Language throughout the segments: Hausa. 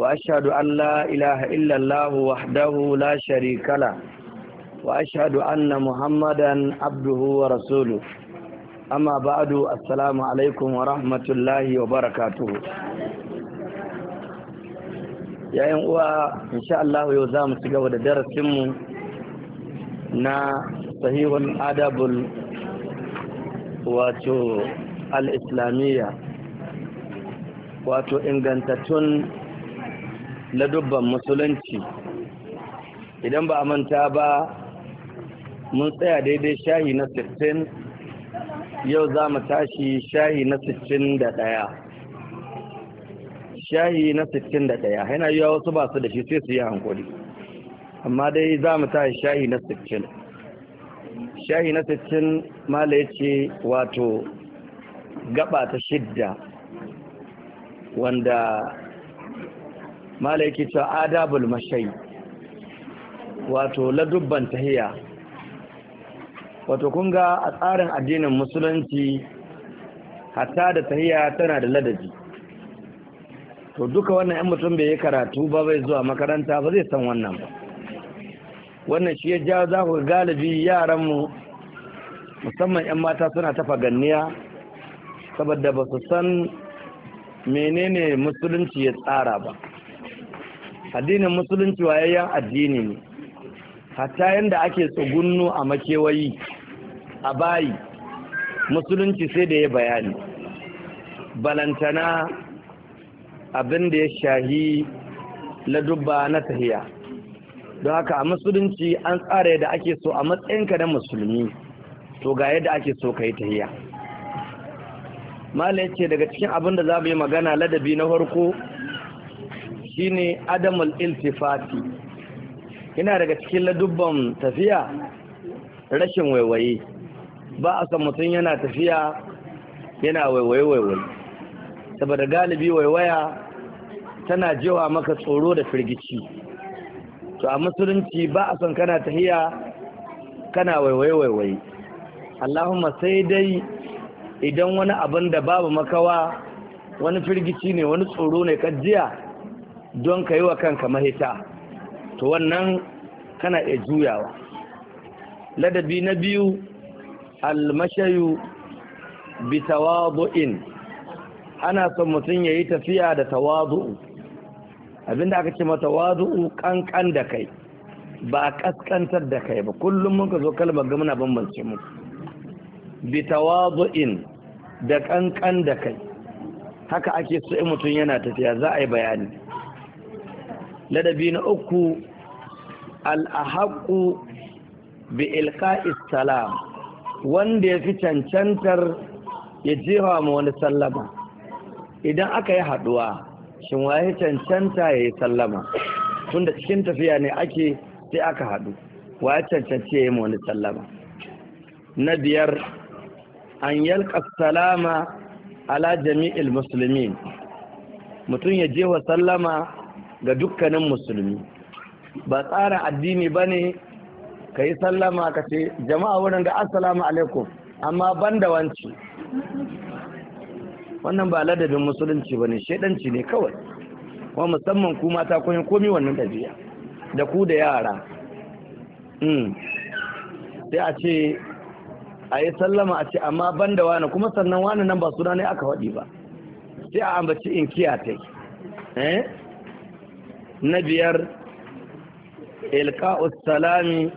وأشهد أن لا إله إلا الله وحده لا شريك له وأشهد أن محمدا عبده ورسوله أما بعد السلام عليكم ورحمة الله وبركاته يا uwa insha Allah yau za mu ci gaba da darasinmu na sahihun adabul wato al-islamiyya wato ingantattun ladubban musulunci idan ba a manta ba mun tsaya daidai shahi na sittin, yau za mu tashi shahi na 61 shahi na 61 yana yi wasu ba su da shi sai su yi hankali amma dai za mu tashi shahi na sittin. shahi na sittin, mala ya ce wato gaba ta shidda wanda mala ta adabul mashai wato ladubban tahiya wato kun ga a tsarin addinin musulunci hatta da tahiya tana da ladabi to duka wannan yan mutum bai yi karatu ba bai zuwa makaranta ba zai san wannan ba wannan shi ya ja za ku galibi yaranmu musamman 'yan mata suna tafa ganniya saboda ba su san menene musulunci ya tsara ba addinin musulunci wayayyen addini ne hatta yanda ake tsugunnu a makewayi a bayi musulunci sai da ya bayani balantana abin da ya shahi ladubba na tahiya don haka a musulunci an tsara yadda ake so a matsayinka na musulmi to ga yadda ake so ka yi tahiya malai ce daga cikin abin da za mu yi magana ladabi na farko shine adamul iltifati yana daga cikin ladubban tafiya rashin waiwaye ba a san mutum yana tafiya yana waiwaye waiwaye saboda galibi waiwaya tana jewa maka tsoro da firgici to a musulunci ba a san kana tafiya kana waiwaye waiwaye allahumma sai dai idan wani abin da babu makawa wani firgici ne wani tsoro ne kajiya don ka yi wa kanka mahita to wannan kana iya juyawa ladabi na biyu almashayu bi tawadu'in ana son mutum ya yi tafiya da tawadu'u abinda aka ce mata tawadu'u kankan da kai ba a kaskantar da kai ba kullum mun ka zo kalmar gamuna muna bambance mu bi tawadu'in da kankan da kai haka ake so in mutum yana tafiya za a yi bayani ladabi na uku al'ahaku bi ilka'is salam wanda ya fi cancantar ya jefa ma wani sallama idan aka yi haduwa shin waye cancanta ya yi sallama tunda cikin tafiya ne ake sai aka haɗu waye cancanci ya yi wani sallama na biyar an yalka salama ala jami'il musulmin mutum ya je wa sallama ga dukkanin musulmi ba tsara addini ba ne ka yi sallama ka ce jama'a wurin ga assalamu alaikum amma ban da wanci wannan ba ladabin musulunci ba ne shaidanci ne kawai kuma musamman ku mata kun komi wannan ɗabi'a da ku da yara hmm. sai a ce a yi sallama a ce amma ban da wani kuma sannan wani nan ba suna ne aka faɗi ba sai a ambaci in kiyatai eh na biyar ilka salami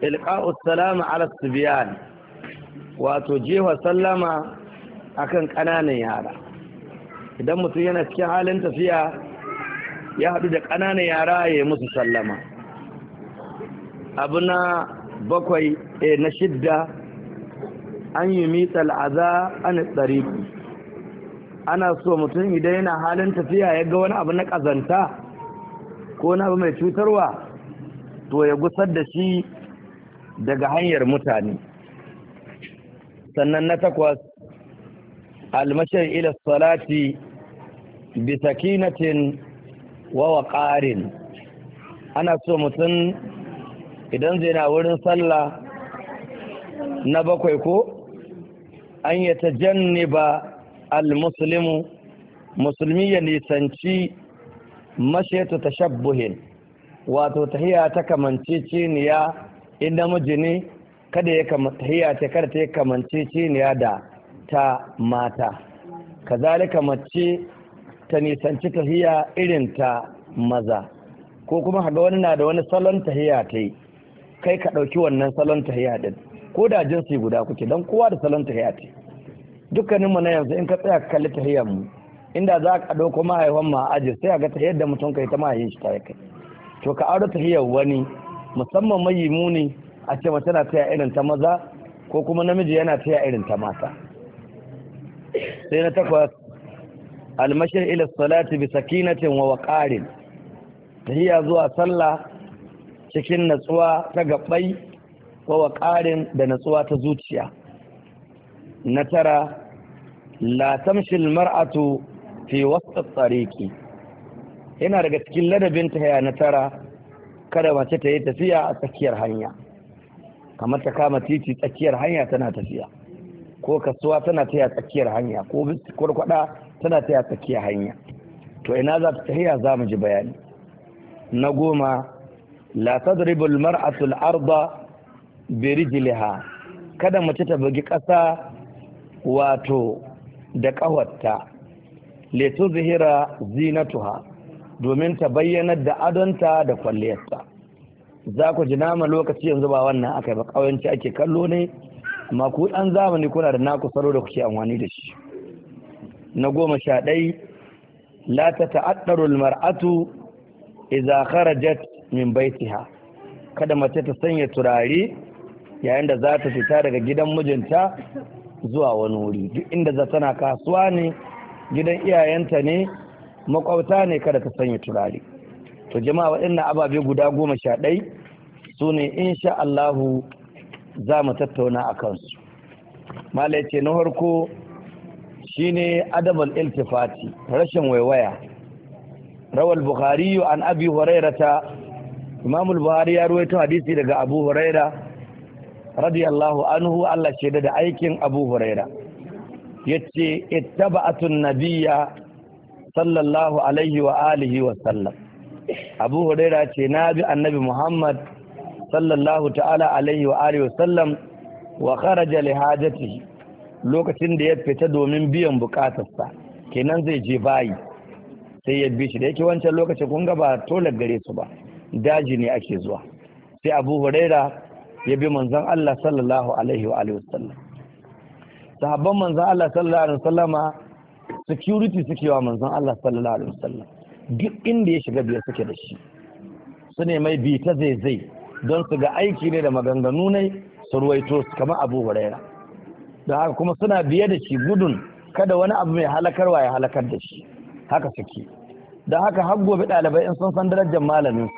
ala subiyan wato jefa sallama akan ƙananan yara idan mutum yana cikin halin tafiya ya haɗu da ƙananan yara ya yi musu sallama abu na bakwai e na shidda an yi mitsal aza an tsariku, ana so mutum idan yana halin tafiya ya ga wani abu na ƙazanta ko wani abu mai cutarwa to ya gusar da shi daga hanyar mutane sannan na takwas almashar ila salati bi sakinatin wa ƙarin. ana so mutum idan zai na wurin sallah na bakwai ko an yata ba al musulmi ya nisanci mashaitu tashabbuhin wato tahiya ta kamanceceniya in namiji ne kada ya tahiya ta kada ta ciniya da ta mata kazalika mace ta nisanci tahiya irin ta maza ko kuma haga wani na da wani salon tahiya ta yi kai ka ɗauki wannan salon tahiya din ko da jinsi guda kuke don kowa da salon tahiya ta dukkanin dukkaninmu na yanzu in ka tsaya ka kalli tahiyar mu inda za ka ɗauko mahaifan aji sai a ga ta yadda mutum kai ta mahaifin shi ta kai to ka aure ta hiyar wani musamman mayi muni a ce mace na taya irin ta maza ko kuma namiji yana taya irin ta mata sai na takwas almashir ila salati bisa sakinatin wa waqarin tahiyya zuwa sallah cikin natsuwa ta gabbai wa waqarin da natsuwa ta zuciya na tara la tamshi almar'atu fi wasu tsariki yana daga cikin ladabin ta na tara kada mace ta yi tafiya a tsakiyar hanya kamar ta kama titi tsakiyar hanya tana tafiya ko kasuwa tana ta yi tsakiyar hanya ko kwarkwada tana ta yi tsakiyar hanya to ina za ta tahiya za mu ji bayani na goma la tadribul mar'atu arda bi kada mace ta bugi ƙasa wato da ƙawarta letu zihira zinatuha domin ta bayyanar da adonta da kwalliyarta za ku ji nama lokaci yanzu ba wannan aka ba ƙawanci ake kallo ne amma ku dan zamani kuna da naku saro da kuke amfani da shi na goma sha ɗai la ta ta'addarul mar'atu idza kharajat min baitiha kada mace ta sanya turare yayin da za ta fita daga gidan mijinta zuwa wani wuri duk inda za tana kasuwa ne gidan iyayenta ne makwabta ne kada ta sanya turare to jama'a waɗannan ababe guda goma sha ɗai su ne insha Allahu za mu tattauna a kansu malai ce na farko shine adabal iltifati rashin waiwaya rawal bukhari an abi hurairata Imamul Buhari ya ruwaito hadisi daga abu huraira radiyallahu anhu Allah shaida da aikin abu huraira yace ittaba'atun nabiyya sallallahu alaihi wa alihi wa sallam Abu Huraira ce na bi annabi Muhammad sallallahu ta'ala alaihi wa alihi wa sallam wa kharaja li hajatihi lokacin da ya fita domin biyan bukatarsa kenan zai je bayi sai ya bi shi da yake wancan lokacin kun ga ba tolar gare su ba daji ne ake zuwa sai Abu Huraira ya bi manzon Allah sallallahu alaihi wa alihi wa sallam sahabban manzon Allah sallallahu alaihi wasallam security suke wa manzon Allah sallallahu alaihi wasallam duk inda ya shiga biya suke da shi su ne mai bi ta zaizai don su ga aiki ne da maganganu ne su ruwaito su kamar Abu Huraira don haka kuma suna biye da shi gudun kada wani abu mai halakarwa ya halakar da shi haka suke don haka har gobe ɗalibai in sun san darajar malamin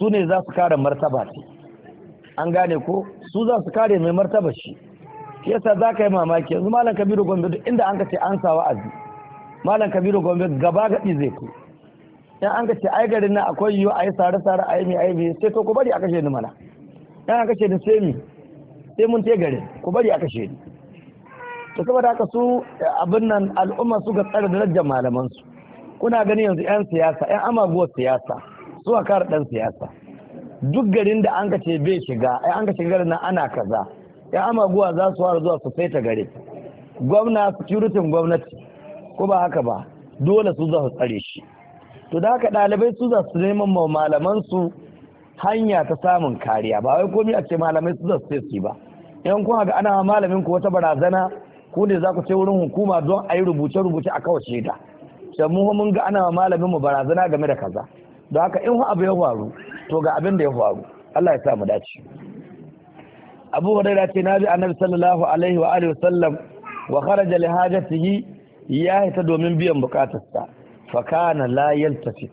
su ne za su kare martaba ce an gane ko su za su kare mai martaba shi yasa za ka yi mamaki yanzu malam kabiru gombe duk inda an ka ce an sa wa'azi malam kabiru gombe gaba gaɗi zai ku yan an ka ce ai garin nan akwai yiwu a yi sare sare a yi mai aibi sai to ku bari a kashe ni mana yan an kashe ni sai mi sai mun te garin ku bari a kashe ni to saboda haka su eh, abin nan al'umma su ga tsare darajar malaman su kuna gani yanzu yan siyasa yan amaguwar siyasa su a kare dan siyasa duk garin da an ka ce bai shiga ai an ka shiga garin nan ana kaza ya guwa za su fara zuwa su saita gare gwamna securitin gwamnati ko ba haka ba dole su za su tsare shi to da haka ɗalibai su za su neman ma malaman su hanya ta samun kariya ba wai komai a ce malamai su za su sai su ba yan kuma ga ana malamin ku wata barazana ku ne za ku ce wurin hukuma don a yi rubuce-rubuce a kawace da. can mu mun ga ana malamin mu barazana game da kaza don haka in abu ya faru to ga abin da ya faru Allah ya sa mu dace abu huraira ce na ji annabi sallallahu alaihi wa alihi wasallam wa kharaja li hajatihi ya hita domin biyan bukatarsa fa kana la yaltafit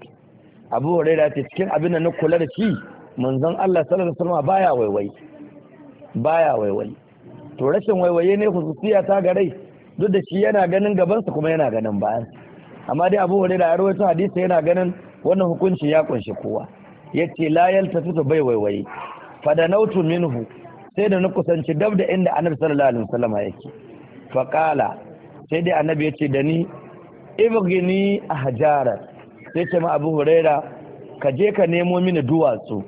abu huraira ce cikin abin da na kula da shi manzon Allah sallallahu alaihi wasallam baya waiwai baya waiwai to rashin waiwaye ne hususiya ta ga rai duk da shi yana ganin gabansa kuma yana ganin bayan amma dai abu huraira ya rawaito hadisi yana ganin wannan hukunci ya kunshi kowa yace la yaltafitu bai waiwaye fadanautu minhu sai da na kusanci dab da inda annabi sallallahu alaihi wasallam yake fa qala sai dai annabi yace da ni ibghini ahjara sai ce ma abu huraira ka je ka nemo mini duwatsu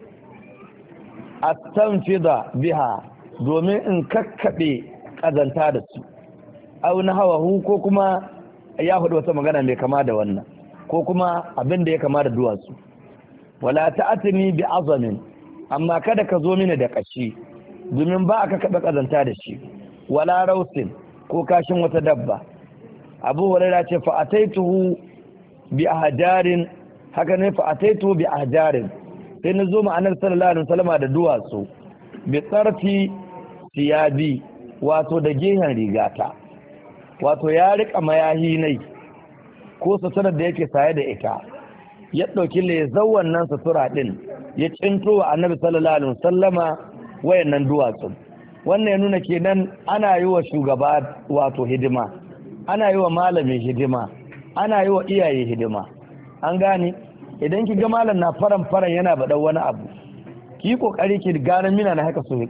astanfida biha domin in kakkabe kazanta da su au na hawahu ko kuma ya hudu wata magana mai kama da wannan ko kuma abin da ya kama da duwatsu wala ta'atini bi azamin amma kada ka zo mini da kashi domin ba aka kaɓa ƙazanta da shi wala rausin ko kashin wata dabba abu huraira ce fa'ataituhu ataituhu bi ahjarin haka ne fa'ataituhu ataituhu bi ahjarin sai na zo ma'anar sallallahu alaihi wasallama da duwatsu bi tsarfi siyabi wato da gehen rigata wato ya riƙa mayahi nai ko suturar da yake saye da ita ya ɗauki lezon wannan sutura ɗin ya cinto wa annabi sallallahu alaihi wasallama wayannan duwatsun wannan ya nuna kenan ana yi wa shugaba wato hidima ana yi wa malamin hidima ana yi wa iyaye hidima an gane idan ki ga malam na faran faran yana baɗan wani abu ki yi kokari ki gane mina na haka so ya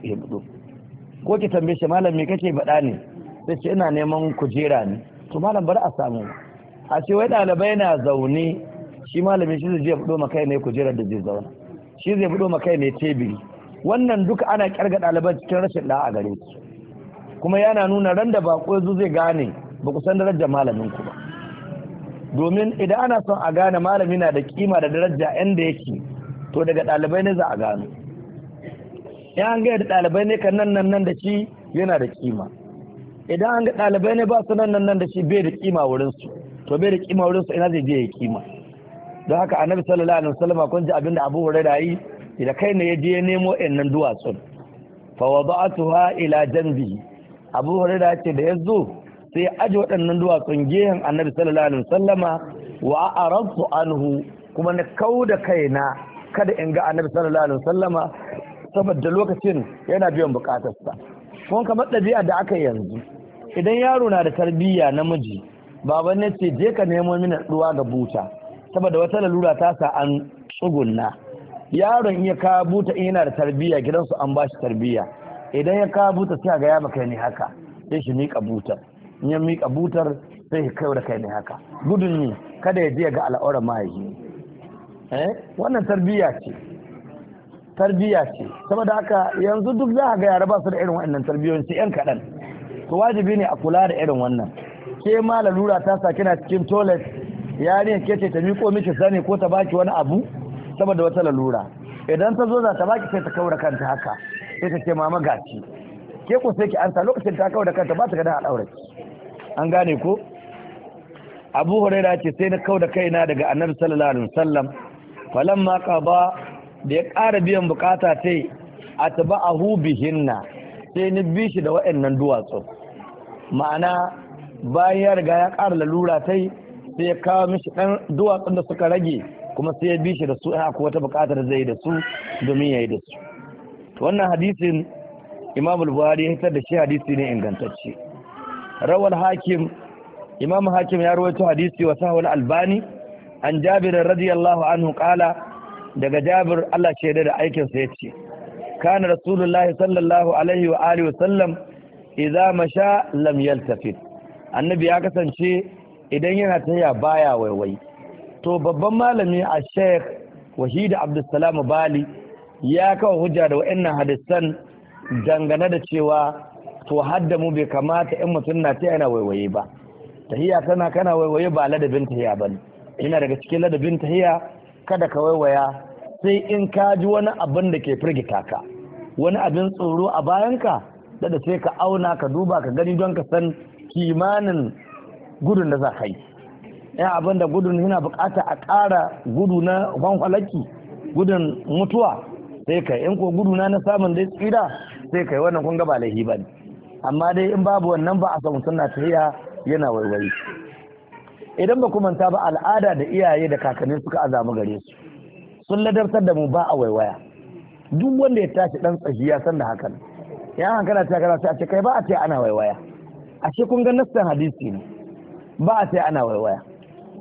ko ki tambaye shi malam me kake bada ne sai ce ina neman kujera ne to malam bari a samu a ce wai ɗalibai na zaune shi malamin shi zai budo maka ne kujerar da zai zauna shi zai budo maka ne tebiri wannan duka ana kyarga ɗaliban cikin rashin da'a gare su kuma yana nuna ran da baƙo yanzu zai gane ba ku san darajar malamin ku ba domin idan ana son a gane malami na da kima da daraja inda yake to daga ɗalibai ne za a gano in an gaya da ɗalibai ne kan nan nan nan da shi yana da kima idan an ga ɗalibai ne ba su nan nan nan da shi bai da kima wurinsu to bai da kima wurinsu ina zai je ya kima don haka annabi sallallahu alaihi wasallam kun ji abinda abu hurairah yi da kai ne ya je ya nemo ɗannan duwatsun fa ba'atuha ila janbi abu hurairah ce da yazo sai aje waɗannan duwatsun gehen annabi sallallahu alaihi wasallama wa a'radtu anhu kuma na kauda kaina kada in ga annabi sallallahu alaihi wasallama saboda lokacin yana biyan bukatarsa Kuma kamar ɗabi'a da aka yanzu idan yaro na da tarbiyya namiji baban ne ce je ka nemo mini ruwa ga buta saboda wata lalura ta sa an tsugunna yaron ya ka buta in yana da tarbiyya gidansu an bashi tarbiyya idan ya ka buta sai ga ya maka ne haka sai shi miƙa butar in ya miƙa butar sai ya kai da kai ne haka gudun ne kada ya je ga al'aura mahaifi eh wannan tarbiyya ce tarbiyya ce saboda haka yanzu duk za ga yara ba su da irin wannan tarbiyoyin sai yan kaɗan to wajibi ne a kula da irin wannan ke ma lalura ta sa kina cikin toilet yarin ke ce ta miƙo miki sani ko ta baki wani abu saboda wata lalura idan ta zo za ta baki sai ta kaura kanta haka sai ta ce mama gaci ke ku sai ki ansa lokacin ta kaura kanta ba ta gada al'aurar an gane ko Abu Huraira ce sai na kauda kaina daga Annabi sallallahu alaihi wasallam falamma qaba da ya ƙara biyan bukata ta yi a taba a sai ni bi shi da waɗannan duwatsu ma'ana bayan ya riga ya ƙara lalura ta yi sai ya kawo mishi ɗan duwatsun da suka rage kuma sai ya bi da su in akwai wata bukatar zai da su domin ya yi da su wannan hadisin imam buhari ya hitar da shi hadisi ne ingantacce rawar hakim imam hakim ya rawaito hadisi wa sahwal albani an jabir radiyallahu anhu kala daga jabir Allah shaida da aikin sa yace kana rasulullahi sallallahu alaihi wa alihi wasallam idza masha lam yaltafit annabi ya kasance idan yana tafiya baya waiwai to babban malami a sheikh wahida abdulsalam bali ya kawo hujja da wa'annan hadisan dangane da cewa to hadda mu bai kamata in mutum na ta yana waiwaye ba tahiya tana kana waiwaye ba ladabin tahiya ba ne yana daga cikin ladabin tahiya kada ka waiwaya sai in ka ji wani abin da ke firgita ka wani abin tsoro a bayanka da da sai ka auna ka duba ka gani don ka san kimanin gudun da za ka yi ya abin da gudun yana bukata a ƙara gudu na kwankwalaki gudun mutuwa sai kai in ko gudu na samun dai tsira sai kai wannan kun gaba ba laifi ba ne amma dai in babu wannan ba a samu suna tahiya yana waiwai idan ba manta ba al'ada da iyaye da kakanni suka azamu gare su sun ladabtar da mu ba a waiwaya duk wanda ya tashi dan tsahiya san da hakan ya hankala ta kana ta ce kai ba a ce ana waiwaya ashe kun ga nassan hadisi ne ba a ce ana waiwaya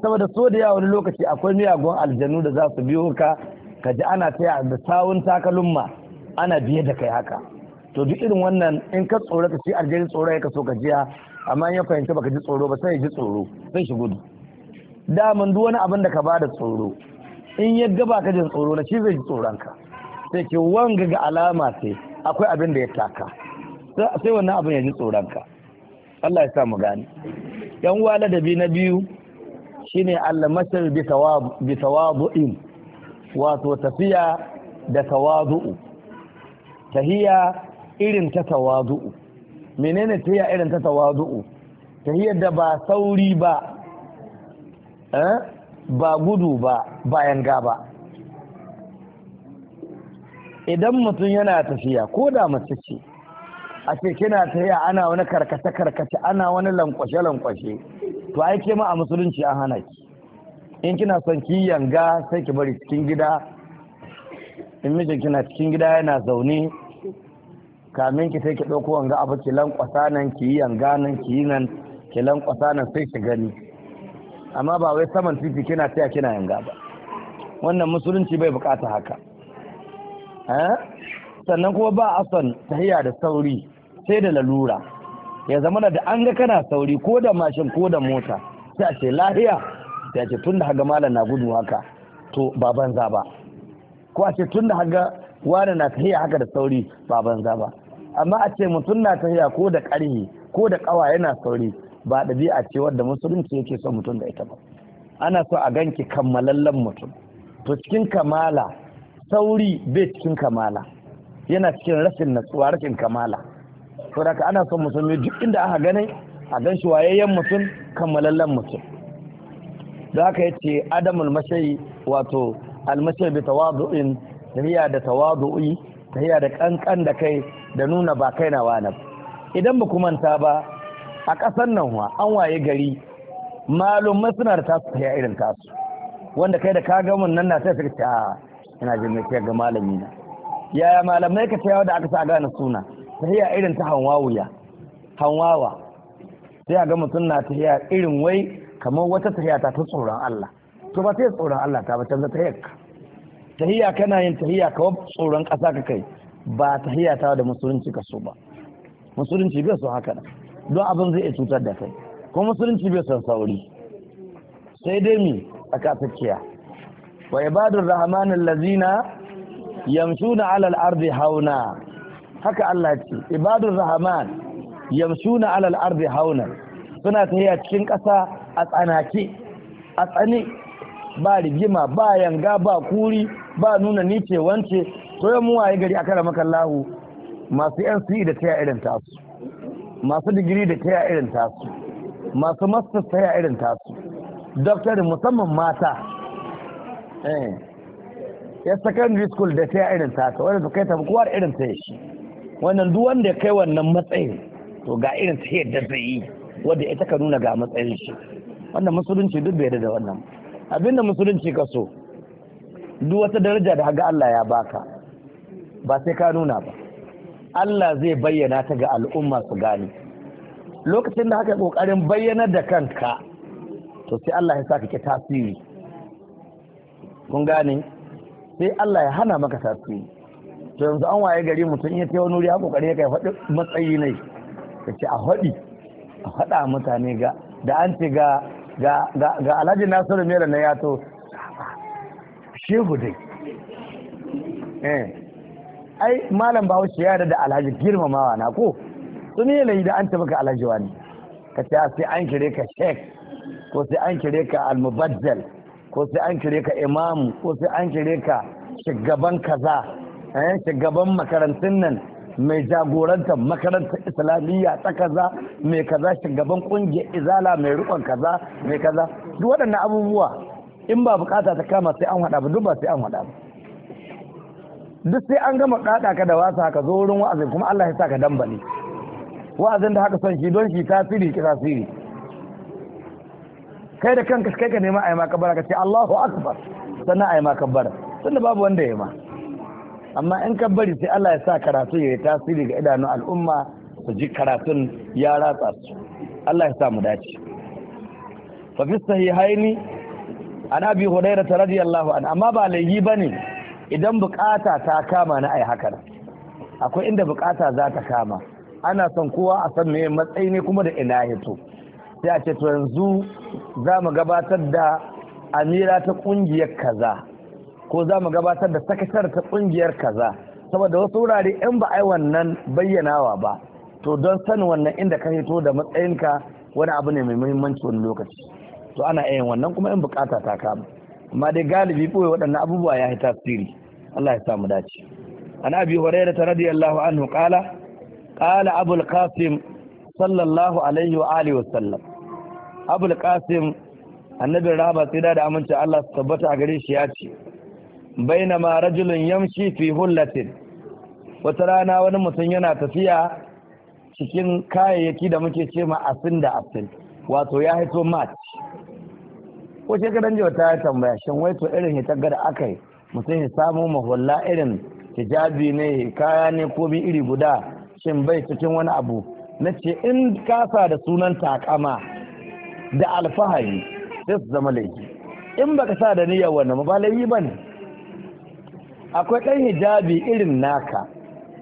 saboda so da yawa wani lokaci akwai miyagun aljanu da za su biyo ka ka ji ana taya da sawun takalumma ana biye da kai haka to duk irin wannan in ka tsoro ka ci aljanu tsoro ya kaso ka jiya amma in ya fahimci baka ji tsoro ba sai ya ji tsoro sai shi gudu daman duk wani abin da ka bada tsoro in ya gaba ka ji tsoro na shi zai ji tsoron ka sai ke wanga ga alama sai akwai abin da ya taka sai wannan abin ya ji tsoron ka Allah ya sa mu gani. yan uwa ladabi na biyu shine al-mashar bi bi tawadu'in wato tafiya da tawadu'u tahiya irin ta tawadu'u menene tahiya irin ta tawadu'u Tahiya da ba sauri ba eh? ba gudu ba bayan gaba idan mutum yana tafiya ko da mace ce a ce kina ta yi ana wani karkace karkace ana wani lankwashe lankwashe to ai ke ma a musulunci an hana ki in kina son ki yanga sai ki bari cikin gida in mijin kina cikin gida yana zaune kamin ki sai ki ɗauko wanga abu ki lankwasa nan ki yi yanga nan ki yi nan ki lankwasa nan sai ki gani amma ba wai saman titi kina taya kina yanga ba wannan musulunci bai bukata haka eh? sannan kuma ba a son tahiya da sauri sai da lalura ya zama da an ga kana sauri ko da mashin ko da mota sai a ce lahiya sai a ce tun da haga malam na gudu haka to ba banza ba ko a ce tun da haga wani na tahiya haka da sauri ba banza ba amma a ce mutum na tahiya ko da ƙarhi ko da ƙawa yana sauri ba ɗabi'a ce wadda musulunci yake son mutum da ita ba ana so a ganki kammalallen mutum to cikin kamala sauri bai cikin kamala yana cikin rashin natsuwa rashin kamala to da ana son musulmi duk inda aka gane a gan shi wayayyen mutum kammalallen mutum da aka yace adamul mashayi wato almashayi bi tawadu'in tahiya da tawadu'i tahiya da kankan da kai da nuna ba kai na wani idan ba manta ba a ƙasar nan wa an waye gari malumai suna da tasu tahiya irin tasu wanda kai da ka ga mun nan na sai suka ce a ina jin mai ga malami na yaya malamai ka tayawa da aka sa gane suna tahiya irin ta hanwawuya hanwawa sai a ga mutum na tahiya irin wai kamar wata tahiya ta tsoron Allah to ba sai tsoron Allah ta ba canza tahiyar ka tahiya kana yin tahiya ka tsoron ƙasa ka kai ba tahiya ta da musulunci ka so ba musulunci bai so haka don abin zai iya cutar da kai ko musulunci bai son sauri sai dai mi tsaka tsakiya wa ibadur rahmanin lazina yamshuna alal ardi hauna haka Allah ce ibadur rahman yamsuna alal ardi hauna suna tafiya cikin ƙasa a tsanake a tsane ba rigima ba yanga ba kuri ba nuna nice wance to muwa ya gari a rama kallahu masu NCE da taya irin tasu masu digiri da taya irin tasu masu masters taya irin tasu doktorin musamman mata eh, ya secondary school da taya irin tasu wanda kai ta kowa irin ta shi wannan duk wanda ya kai wannan matsayin to ga irin ta yadda zai yi wanda ita ka nuna ga matsayin shi wannan musulunci duk bai da wannan abinda musulunci ka so duk wata daraja da ga Allah ya baka ba sai ka nuna ba Allah zai bayyana ta ga al'umma su gane lokacin da haka kokarin bayyana da kanka to sai Allah ya sa ka tasiri kun gane sai Allah ya hana maka tasiri to yanzu an waye gari mutum ya ce wani wuri ya kokari ya faɗi matsayi ne ka ce a faɗi a faɗa mutane ga da an ce ga ga alhaji nasiru mera na yato shehu dai eh. ai malam bahaushe ya da alhaji girmamawa na ko sun yi layi da an ce maka alhaji wani ka ce ah, sai an kire ka sheik ko sai an kire ka almubaddal ko sai an kire ka imamu ko sai an kire ka shugaban kaza gaban makarantun nan mai jagorantar makarantar islamiyya ta kaza mai kaza gaban kungiyar izala mai rikon kaza mai kaza duk waɗannan abubuwa in ba bukata ta kama sai an haɗa ba duk ba sai an haɗa ba duk sai an gama ɗaɗa ka da wasa ka zo wurin wa'azin kuma Allah ya sa ka dambali wa'azin da haka son shi don shi tasiri ki tasiri kai da kanka kai ka nema a yi ma ka ce Allahu akbar sannan a yi ma kabbara tunda babu wanda ya yi ma amma in ka bari sai Allah ya sa karatu ya yi tasiri ga idanun al'umma su ji karatun ya ratsa su Allah ya sa mu dace fa fi sahihaini an abi hudayra radiyallahu an amma ba laihi bane idan bukata ta kama na ai haka akwai inda bukata za ta kama ana son kowa a san meye matsayi ne kuma da ina hito sai a ce to yanzu za mu gabatar da amira ta kungiyar kaza ko za mu gabatar da sakatar ta kungiyar kaza saboda wasu wurare in ba a yi wannan bayyanawa ba to don sanin wannan inda ka hito da matsayinka wani abu ne mai muhimmanci wani lokaci to ana iya yin wannan kuma in bukata ta kama amma dai galibi ɓoye waɗannan abubuwa ya yi tasiri Allah ya samu dace an abi hurairah radiyallahu anhu ƙala, ƙala abul qasim sallallahu alaihi wa alihi wasallam abul qasim annabi rahama sai da aminci Allah su tabbata a gare shi ya ce mara rajulun yamshi fi hullatin wata rana wani mutum yana tafiya cikin kayayyaki da muke ce ma asin da asin wato ya haito mat ko kadan jiwa ta tambaya shin wai to irin hitar da aka yi mutum ya samu mahulla irin hijabi ne kaya ne komi iri guda shin bai cikin wani abu na ce in kasa da sunan takama da alfahari sai su zama laifi in baka sa da niyyar wannan ba laifi ba ne akwai ɗan hijabi irin naka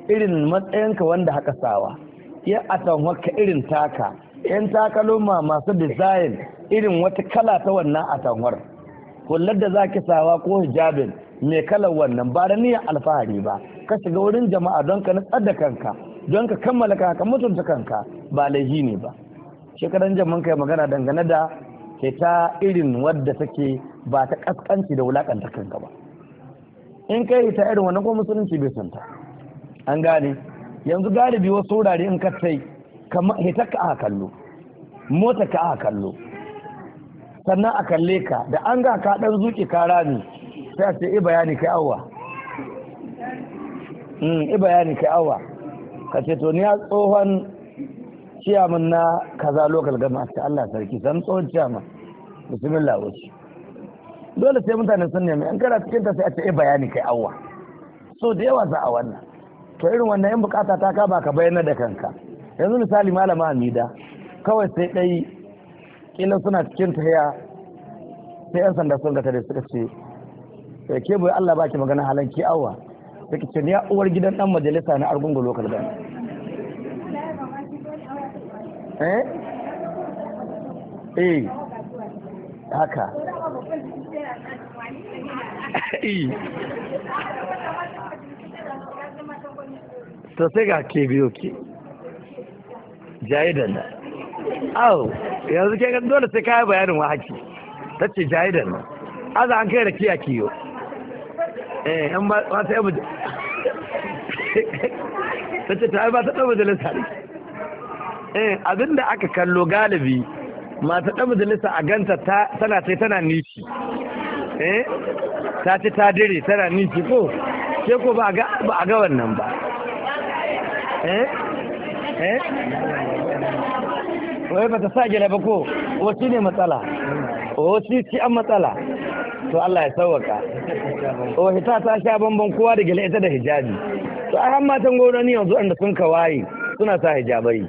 irin matsayinka wanda haka sawa ya atamwarka irin taka yan takaloma masu dizayin irin wata kala ta wannan atamwar kullar da zaki sawa ko hijabin mai kalar wannan ba da niyyar alfahari ba ka shiga wurin jama'a don ka nutsar da kanka don ka kammala kanka mutunta kanka ba laifi ne ba shekaran jaman kai magana dangane da ke ta irin wadda take ba ta kaskanci da wulakanta kanka ba in kai ta irin wannan ko musulunci bai ta, an gane yanzu galibi wasu wurare in ka sai kamar hita ka aka kallo mota ka aka kallo sannan a kalle ka da an ga ka dan zuke ka rami sai a ce i eh, bayani kai awwa i mm, eh, bayani kai awwa ka ce to ni a tsohon ciyaman na kaza lokal gama Allah sarki san tsohon ciyaman bismillah wuce dole sai mutane sun nemi in kana cikin ta sai a ce eh bayani kai awwa so da yawa za a wannan to irin wannan yan bukata ta ka ka bayyana da kanka yanzu misali malama Hamida kawai sai dai kila suna cikin ya sai yan sanda sun ga tare suka ce sai eh, ke bai Allah baki magana halan ki awwa take ce ya uwar gidan dan majalisa na argungu local government eh eh haka Eh. to sai ga ke biyo ke jayi da nan awo yanzu ke dole sai kayi bayanin wa haki ta ce jayi da nan aza an kai da kiya kiyo eh yan ba ta yi ta ce ta ba ta ɗan majalisa ne eh abinda aka kallo galibi ma ta ɗan majalisa a ganta tana sai tana nishi eh ta ci ta dire tana ninki ko ke ko ba a ga wannan ba eh eh wai ba ta sa gina ba ko wasu ne matsala shi, ci an matsala to Allah ya sauwaka o hita ta sha bamban kowa da gele ita da hijabi to ai har matan gwamnati yanzu inda sun kawaye suna sa hijabai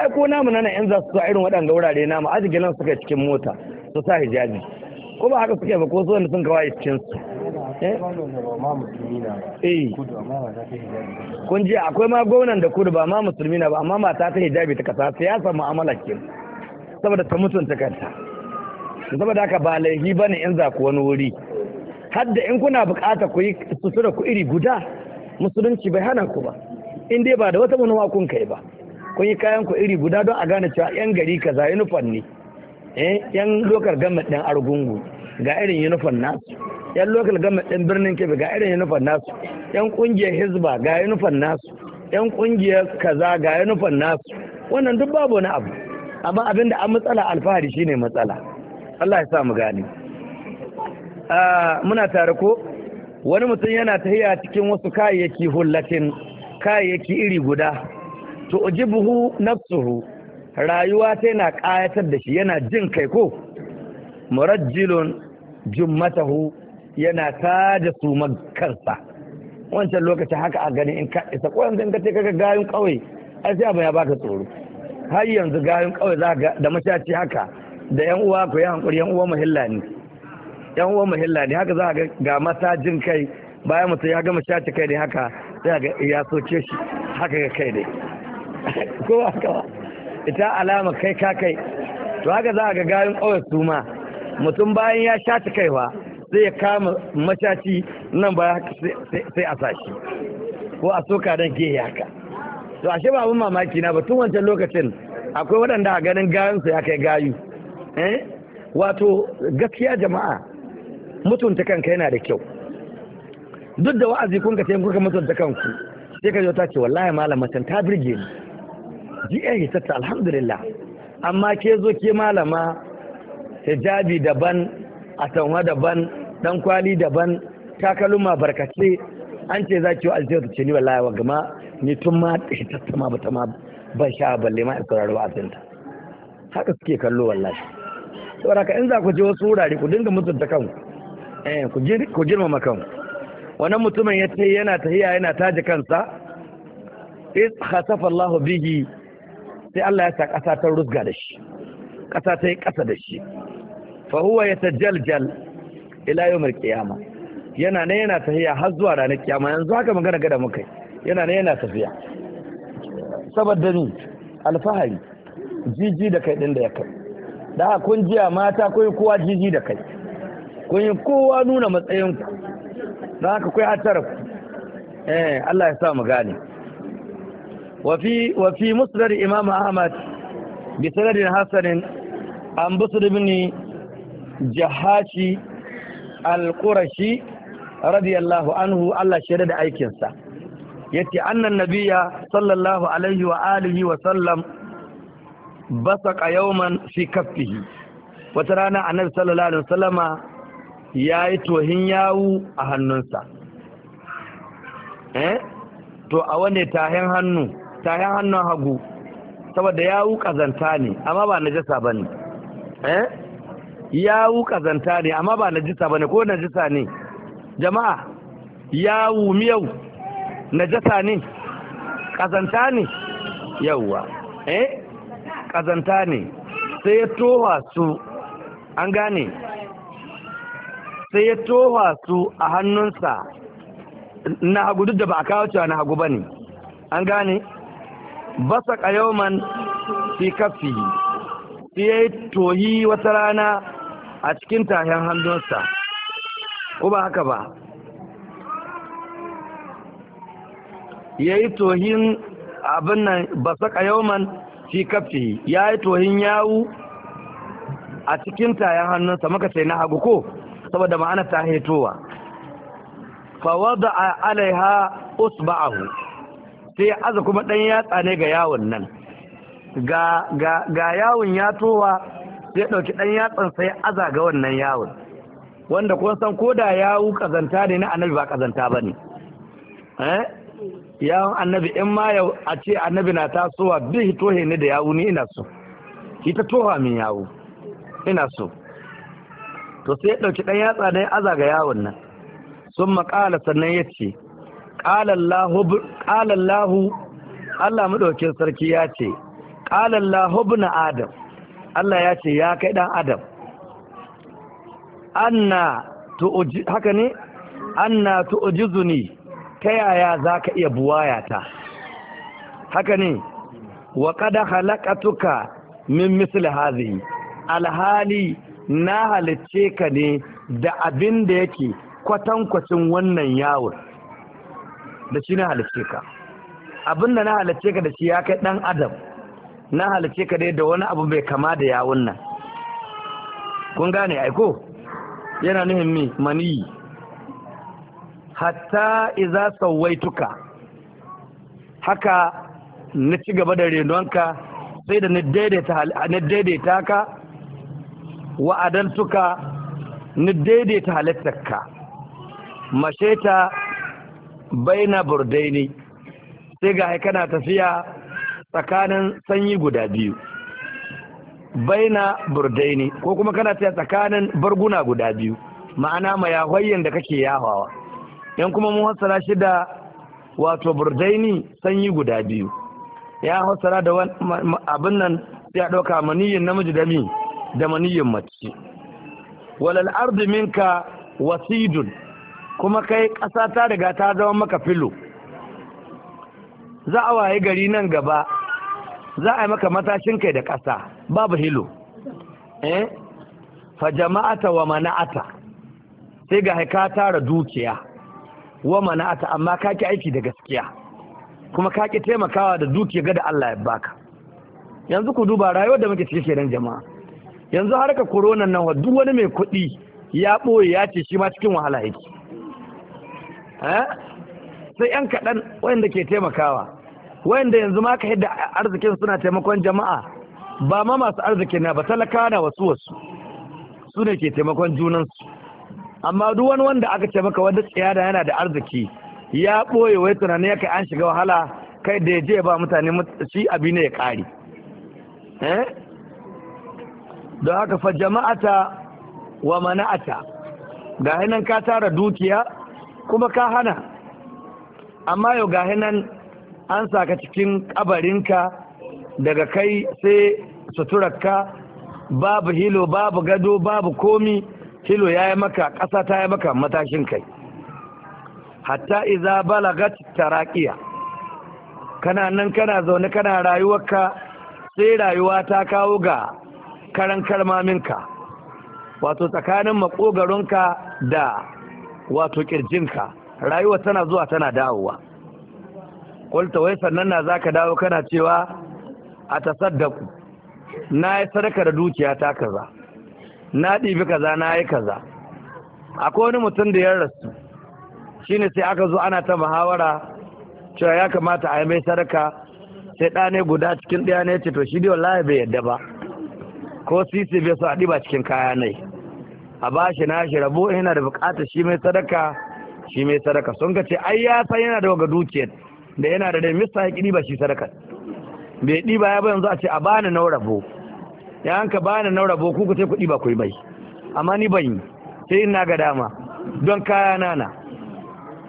ai ko namu nan yan za su sa irin waɗanda wurare namu ajigilan suka cikin mota su sa hijabi ko ba haka suke ba ko su wanda sun kawai cikin su eh? eh kun ji akwai ma gwamnan da kudu ba ma musulmi na ba amma mata ta hijabi ta kasa siyasa mu'amala ke saboda ta mutunta kanta saboda haka ba laifi bane in za ku wani wuri hadda in kuna bukata ku yi sutura ku iri guda musulunci bai hana ku ba in dai ba da wata manuwa kun kai ba kun yi kayan ku iri guda don a gane cewa yan gari kaza yunifon ne eh yan lokar gamat ɗin argungu ga irin uniform nasu yan lokal gamat ɗin birnin kebe ga irin uniform nasu yan ƙungiyar hizba ga uniform nasu yan ƙungiyar kaza ga uniform nasu wannan duk babu wani abu amma da an matsala alfahari shine matsala Allah ya sa mu gane ah, muna tare ko wani mutum yana tahiya cikin wasu kayayyaki hullatin kayayyaki iri guda to ujibuhu nafsuhu rayuwa ta yana ƙayatar da shi yana jin kai ko murajjilun jummatahu yana taja su kansa wancan lokacin haka a gani in ka isa ko yanzu in ka ce kaga gayun kawai ai sai abin ya baka tsoro har yanzu gayun kawai za ga da mashaci haka da yan uwa ku yi hankuri yan uwa muhilla ne yan uwa muhilla ne haka za ga ga masajin kai bayan mutum ya gama shaci kai ne haka sai ga ya soke shi haka ga kai ne ko haka ba ita alama kai ka kai to haka za a ga gayin ƙawar su ma mutum bayan ya sha ta kaiwa sai ya kama mashaci nan ba sai a sashi ko a soka don ke haka to a ba abin mamaki na batun tun wancan lokacin akwai waɗanda a ganin su ya kai gayu eh? wato gaskiya jama'a mutunta kanka yana da kyau duk da wa'azi kun ka kuka mutunta kanku sai ka zo ta ce wallahi malam ta birge ni jiya hitarta alhamdulillah amma ke zo ke malama hijabi daban atamwa daban dan kwali daban takaluma barkace an ce za ki yi aljihar ce ni wallahi wa gama ni tun ma hitarta ma bata ma ban sha balle ma ikrarwa azinta haka suke kallo wallahi saboda ka in za ku je wasu wurare ku dinga mutunta kanku eh ku girmama kanku wannan mutumin ya ce yana tahiya yana taji kansa is khasafa Allahu bihi sai Allah ya sa ƙasa ta rusga da shi ƙasa ta yi ƙasa da shi fa huwa ya tajaljal ila yawmil qiyama yana ne yana tafiya har zuwa ranar kiyama yanzu haka magana gada muka yana ne yana tafiya saboda ni alfahari jiji da kai din da ya kai da kun jiya mata kun yi kowa jiji da kai kun yi kowa nuna matsayinku, da haka kai a tara ku eh Allah ya sa mu gane وفي وفي مسند إمام أحمد بسند حسن عن بصر بن جهاشي القرشي رضي الله عنه الله شرد أيكنسا يتي أن النبي صلى الله عليه وآله وسلم بصق يوما في كفه وترانا النبي صلى الله عليه وسلم يا توهين ياو أهننسا eh to a wane tahin hannu tahin hannun hagu saboda yawu kazanta ne amma ba ba ne, eh yawu kazanta ne amma ba najisa ne, ko najisa ne jama'a yawu miyau jisa ne kazanta ne yawwa eh kazanta ne sai ya towa su an gane sai ya towa su a hannunsa na hagu duk da ba a kawo cewa na hagu ba ne an gane basa kayoman fi kaffihi sai ya tohi wata rana a cikin tahiyar hannunsa ko ba haka ba ya yi tohin abin nan sa kayoman fi kaffihi ya yi tohin yawu a cikin tahiyar hannunsa maka sai na hagu ko saboda ma'ana ta fawar da alaiha usba'ahu sai ya aza kuma ɗan yatsa ne ga yawon nan ga yawon ya towa sai ɗauki ɗan yatsan sai ya aza ga wannan yawon wanda kuma san ko da yawu ƙazanta ne na annabi ba ƙazanta ba ne eh? yawon annabi in ma yau a ce annabi na tasowa bi tohe ne da yawu ni ina so ki ta towa min yawu ina so to sai ya ɗauki ɗan yatsa ne aza ga yawon nan sun maƙala sannan ya ce ƙalallahu Allah maɗaukin sarki ya ce ƙalallahu na adam Allah ya ce ya kai ɗan adam anna tu'uji haka ne anna zuni ta yaya za ka iya buwaya ta haka ne wa qad tuka min misali hazi, alhali na halicce ka ne da abin da yake kwatankwacin wannan yawon da shi na halicce ka abin da na halicce ka da shi ya kai ɗan adam na halicce ka dai da wani abu bai kama da yawun nan kun gane aiko yana nuhin mi maniyi hatta iza sauwaituka haka na ci gaba da renonka sai da na daidaita ka wa'adantuka na daidaita halittarka ta. baina ne sai ga kana tafiya tsakanin sanyi guda biyu baina ne ko kuma kana tafiya tsakanin barguna guda biyu ma'ana mayahwayin da kake yahawa yan kuma mun hassara shi da wato ne sanyi guda biyu ya hassara da abin nan ya ɗauka maniyin namiji da mi da maniyin mace walal ardi minka wasidun kuma kai ƙasa ta riga ta zama maka filo za a waye gari nan gaba za a yi maka matashin kai da ƙasa babu hilo eh fa jama'ata wa mana'ata sai ga ka tara dukiya wa mana'ata amma ka ki aiki da gaskiya kuma ka ki taimakawa da dukiya ga da Allah ya baka yanzu ku duba rayuwar da muke cike kenan jama'a yanzu harka corona nan wa duk wani mai kuɗi ya ɓoye ya ce shi ma cikin wahala yake sai yan kaɗan wayanda ke taimakawa wayanda yanzu ma ka yadda arzikin suna taimakon jama'a ba ma masu arzikin na ba talakawa na wasu wasu su ne ke taimakon junansu amma duk wani wanda aka ce maka wanda tsiyada yana da arziki ya ɓoye wai tunani ya kai an shiga wahala kai da ya je ba mutane shi abi ne ya ƙari don haka fa jama'ata wa mana'ata ga hainan ka tara dukiya kuma ka hana amma yau gahi nan an saka cikin ƙabarinka daga kai sai suturarka babu hilo babu gado babu komi hilo ya yi maka ƙasa ta yi maka matashin kai hatta iza balagat taraƙiya kana nan kana zaune kana rayuwarka sai rayuwa ta kawo ga karan karmaminka wato tsakanin makogaronka da wato kirjinka rayuwa tana zuwa tana dawowa kulta wai sannan na za ka dawo kana cewa a tasaddaku na yi sadaka da dukiya ta kaza na ɗibi kaza na yi kaza akwai wani mutum da ya rasu shine sai aka zo ana ta muhawara cewa ya kamata a yi mai sadaka sai ɗa ne guda cikin ɗaya ne ce to shi dai wallahi bai yadda ba ko sisi bai so a ɗiba cikin kaya ne a bashi nashi rabo yana da bukatar shi mai sadaka shi mai sadaka sun ka ce ai ya san yana da waga dukiyar da yana da dai mista ya ba shi sadaka bai ɗiba ya ba yanzu a ce a bani na rabo ya hanka bani na rabo ku ku ce ku ɗiba ku yi amma ni ban yi sai ina ga dama don kaya nana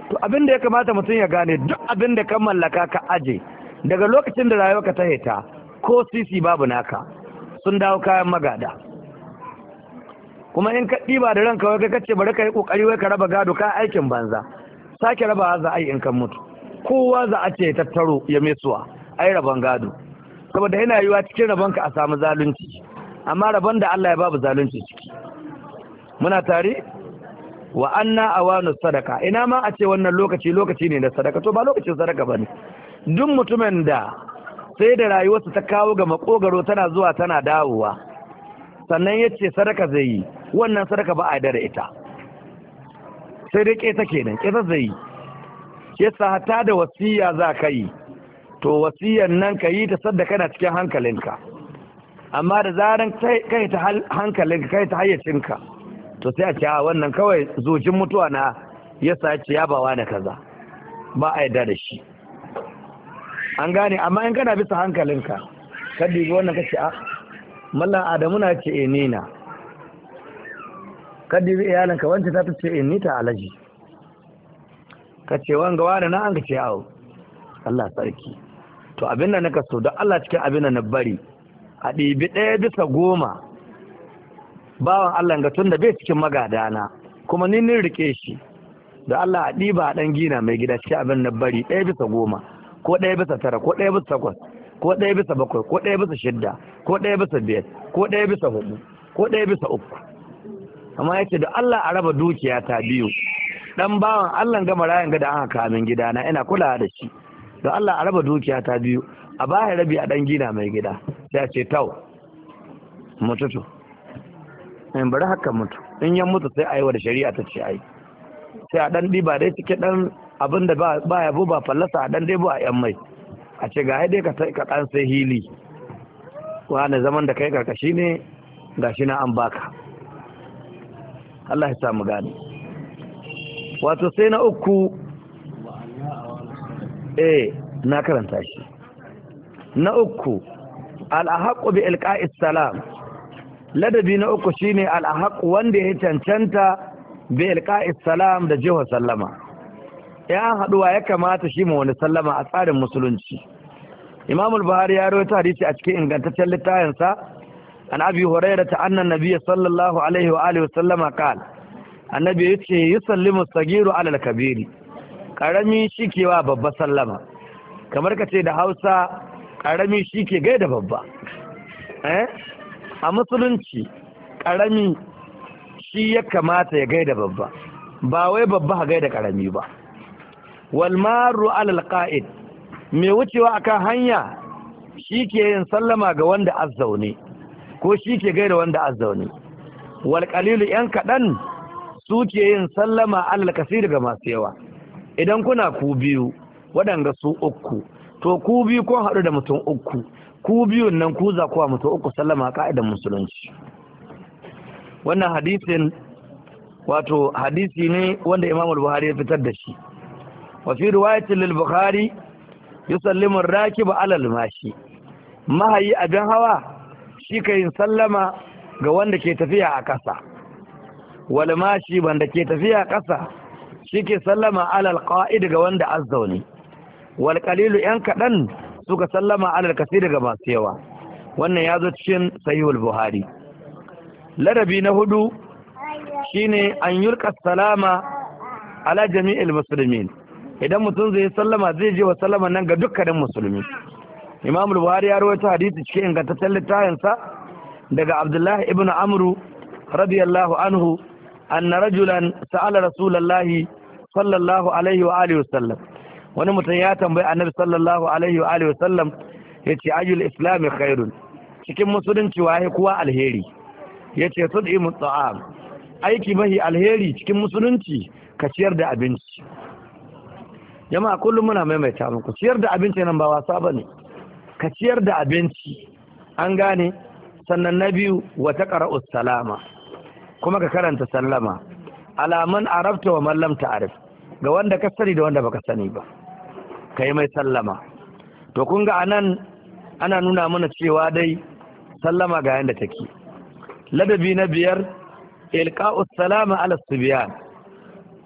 to abin da ya kamata mutum ya gane duk abin da kan mallaka ka aje daga lokacin da rayuwa ka ta heta ko sisi babu naka sun dawo kayan magada kuma in ka ɗiba da ranka wai ka kace bari ka yi ƙoƙari wai ka raba gado ka aikin banza sake raba za a yi in kan mutu kowa za a ce tattaro ya mesuwa ai raban gado saboda yana yiwuwa cikin rabon ka a samu zalunci amma rabon da Allah ya babu zalunci ciki muna tare wa anna awanu sadaka ina ma a ce wannan lokaci lokaci ne na sadaka to ba lokacin sadaka bane duk mutumin da sai da rayuwarsa ta kawo ga makogaro tana zuwa tana dawowa sannan ya ce sadaka zai yi wannan sadaka ba a da ita sai dai ƙeta kenan ƙeta zai yi ke sahata da wasiya za ka yi to wasiyan nan ka yi ta sadda kana cikin hankalinka amma da zaran kai ta hankalinka kai ta hayyacinka to sai a ce a wannan kawai zojin mutuwa na ya ce ya bawa na kaza ba a yarda da shi an gane amma in kana bisa hankalinka ka wannan kace a mallan adamu na ce ene eh, na kadiri iyalin ka wancan ta ce eh, nita a alaji ka ce wanga wani na an ka ce a'u. Allah sarki to abin da naka so don Allah cikin abin da na bari a ɗibi ɗaya bisa goma bawan Allah ga tun da bai cikin magadana kuma ni rike shi da Allah a ɗiba a ɗan gina mai gida cikin abin na bari ɗaya bisa goma ko ɗaya bisa tara ko ɗaya bisa takwas ko ɗaya bisa bakwai ko ɗaya bisa shidda ko ɗaya bisa biyar ko ɗaya bisa hudu ko ɗaya bisa uku amma yace da Allah a raba dukiya ta biyu dan bawan Allah ga marayan ga da aka kamin gidana ina kula da shi da Allah a raba dukiya ta biyu a baya rabi a dan gina mai gida sai a ce tau mututu in bari haka mutu in yan mutu sai aiwa da shari'a ta ce ai sai a dan diba dai cike dan abin da ba ya bu ba fallasa a dan dai bu a yan mai a ce ga dai ka ka dan sai hili wani zaman da kai karkashi ne shi na an baka Allah ya samu gani wato sai na uku eh na karanta shi na uku al'ahaƙo bi ilka'is salam ladabi na uku shine al'ahaƙo wanda ya cancanta bi ilka'is salam da jihar sallama Yan haɗuwa ya kamata shi ma wani sallama a tsarin musulunci imam Bahari ya rawaita hadisi a cikin ingantaccen littafinsa an abi hurairah ta annan nabiyyi sallallahu alaihi wa alihi sallama qal annabi yace yusallimu sagiru al kabiri karami wa babba sallama kamar ka ce da Hausa karami shike da babba eh a musulunci karami shi ya kamata ya gaida babba ba wai babba ha gaida karami ba Walmaru maru alal qa'id mai wucewa akan hanya shi ke yin sallama ga wanda azzaune ko shi ke gaida wanda azzaune wal qalilu yan kaɗan su ke yin sallama alal kasir ga masu yawa idan kuna ku biyu waɗanga su uku to ku biyu ko haɗu da mutum uku ku biyun nan ku za kuwa mutum uku sallama ka'idan musulunci wannan hadisin wato hadisi ne wanda imamul buhari ya fitar da shi wa fi riwayatin lil bukhari yusallimu ar-rakibu ala al-mashi mahayi abin hawa shi ka yin sallama ga wanda ke tafiya a ƙasa wal mashi wanda ke tafiya a ƙasa shi ke sallama alal qa'id ga wanda azzauni wal qalilu yan kaɗan suka sallama alal kasir daga masu yawa wannan ya zo cikin sahihul buhari Larabi na hudu shine an yulka salama ala jami'il muslimin idan mutum zai sallama zai je wa sallama nan ga dukkanin musulmi imam buhari ya rawaito hadisi cikin ingantaccen sa daga abdullahi ibn amru radiyallahu anhu anna rajulan sa'ala rasulullahi sallallahu alaihi wa alihi wasallam wani mutum ya tambayi annabi sallallahu alaihi wa alihi wasallam yace ayyul islam khairun cikin musulunci waye kuwa alheri yace tud'imu ta'am aiki mahi alheri cikin musulunci ka ciyar da abinci jama'a kullum muna maimaita muku ciyar da abinci nan ba wasa ba ne ka ciyar da abinci an gane sannan na biyu wata ƙara'us salama kuma ka karanta sallama alaman arabta wa mallam ta'arif ga wanda ka sani da wanda baka sani ba ka yi mai sallama to kun ga anan ana nuna mana cewa dai sallama ga yanda take ladabi na biyar ilqa'us salama ala subyan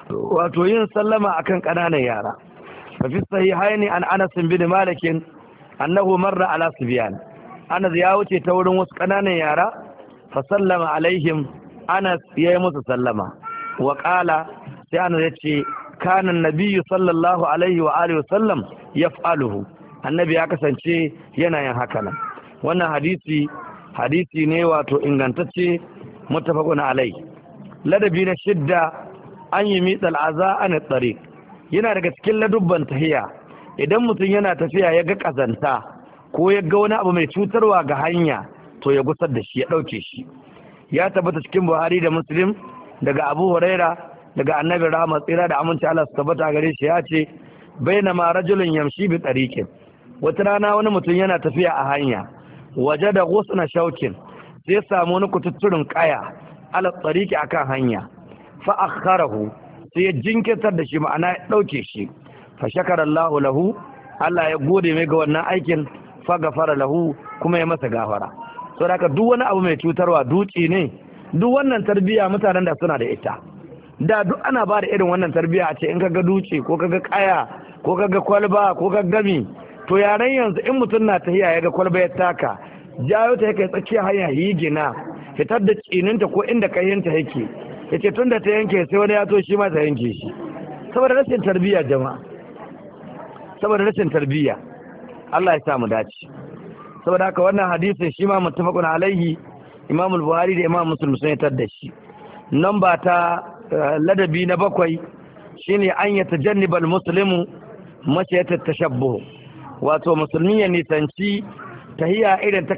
wato yin sallama akan ƙananan yara ففي الصحيحين عن انس بن مالك انه مر على صبيان انس ya wuce ta wurin wasu ƙananan yara fa sallama alaihim anas ya yi musu sallama wa qala sai anas ya ce kana nabiyyu sallallahu alaihi wa alihi sallam yaf'aluhu annabi ya kasance yana yin haka wannan hadisi hadisi ne wato ingantacce mutafaqun alai ladabi na shidda an yi mitsal aza an tariq yana daga cikin ladubban tahiya idan mutum yana tafiya ya ga ƙazanta ko ya ga wani abu mai cutarwa ga hanya to ya gusar da shi ya ɗauke shi ya tabbata cikin buhari da muslim daga abu huraira daga annabi rahama tsira da aminci allah su tabbata gare shi ya ce baina ma rajulun yamshi bi tsarikin wata rana wani mutum yana tafiya a hanya waje da na shaukin sai samu wani kututturin kaya ala tsariki akan hanya fa akharahu sai ya jinkirtar da shi ma'ana ya ɗauke shi fa shakara lahu Allah ya gode mai ga wannan aikin fa gafara lahu kuma ya masa gafara so duk wani abu mai cutarwa duci ne duk wannan tarbiyya mutanen da suna da ita da duk ana ba da irin wannan tarbiyya a ce in kaga dutse, ko kaga kaya ko kaga kwalba ko kaga gami to yaren yanzu in mutum na ta ya ga kwalba ya taka jayo ta yake tsakiyar hanya gina, fitar da tsininta ko inda kayinta yake ya ce tun da ta yanke sai wani ya to shi ma ta yanke shi saboda rashin tarbiyya jama'a saboda rashin tarbiyya Allah ya sa mu dace saboda haka wannan hadisin shi ma muttafaqun alaihi Imam Buhari da Imam Muslim sun yi da shi ba ta eh, ladabi na bakwai shine an yatajannibal muslimu ta tashabbuh wato musulmi ya nisanci tahiya irin ta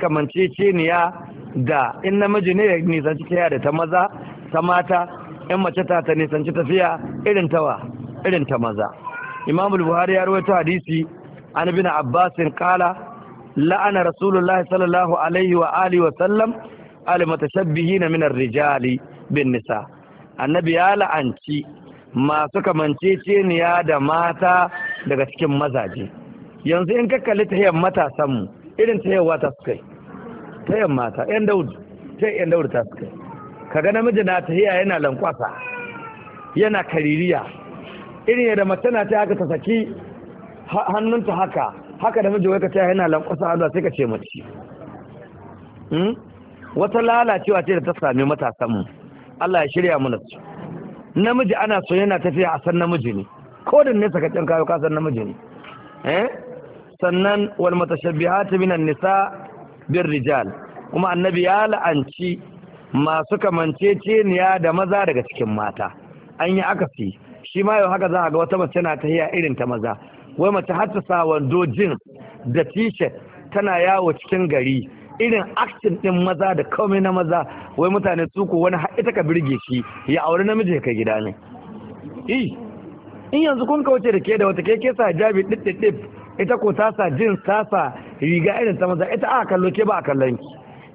ya da in namiji ne ya nisanci tahiya da ta maza ta mata in mace ta ta nisanci tafiya irin tawa irin ta maza Imamul buhari ya rawaito hadisi an bin abbasin kala la'ana rasulullahi sallallahu alaihi wa alihi wa sallam al mutashabbihin min ar-rijali bin nisa annabi ya la'anci masu kamanceceniya da mata daga cikin mazaje yanzu in ka kalli tahiyar matasanmu irin ta tahiyar wata suka yi tahiyar mata yan daudu tahiyar yan daudu ta suka yi kaga namiji na tahiya yana lankwasa yana kaririya irin yadda mace na ta haka ta saki hannunta haka haka da miji ka ta yana lankwasa hannuwa sai ka ce mace hmm? wata lalacewa ce da ta sami mu Allah ya shirya mana su namiji ana so yana tafiya a san namiji ne ko da nesa ka kayo ka san namiji ne eh sannan wal mutashabbihatu minan nisa bir rijal kuma annabi ya la'anci masu kamanceceniya da maza daga cikin mata an yi akasi shi ma yau haka za a ga wata mace na ta irin ta maza wai mace har ta sa wando jeans da t-shirt tana yawo cikin gari irin action din maza da komai na maza wai mutane su ko wani har ita ka birge shi ya aure namiji ka kai gida ne in yanzu kun kauce da ke da wata keke sa hijabi ɗiɗɗiɗɗif ita ko ta sa jeans ta riga irin ta maza ita aka kallo ke ba a kallon